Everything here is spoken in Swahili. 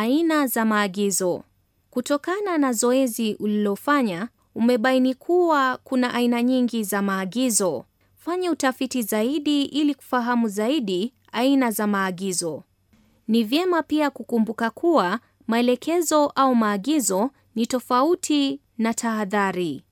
Aina za maagizo. Kutokana na zoezi ulilofanya, umebaini kuwa kuna aina nyingi za maagizo. Fanya utafiti zaidi ili kufahamu zaidi aina za maagizo. Ni vyema pia kukumbuka kuwa maelekezo au maagizo ni tofauti na tahadhari.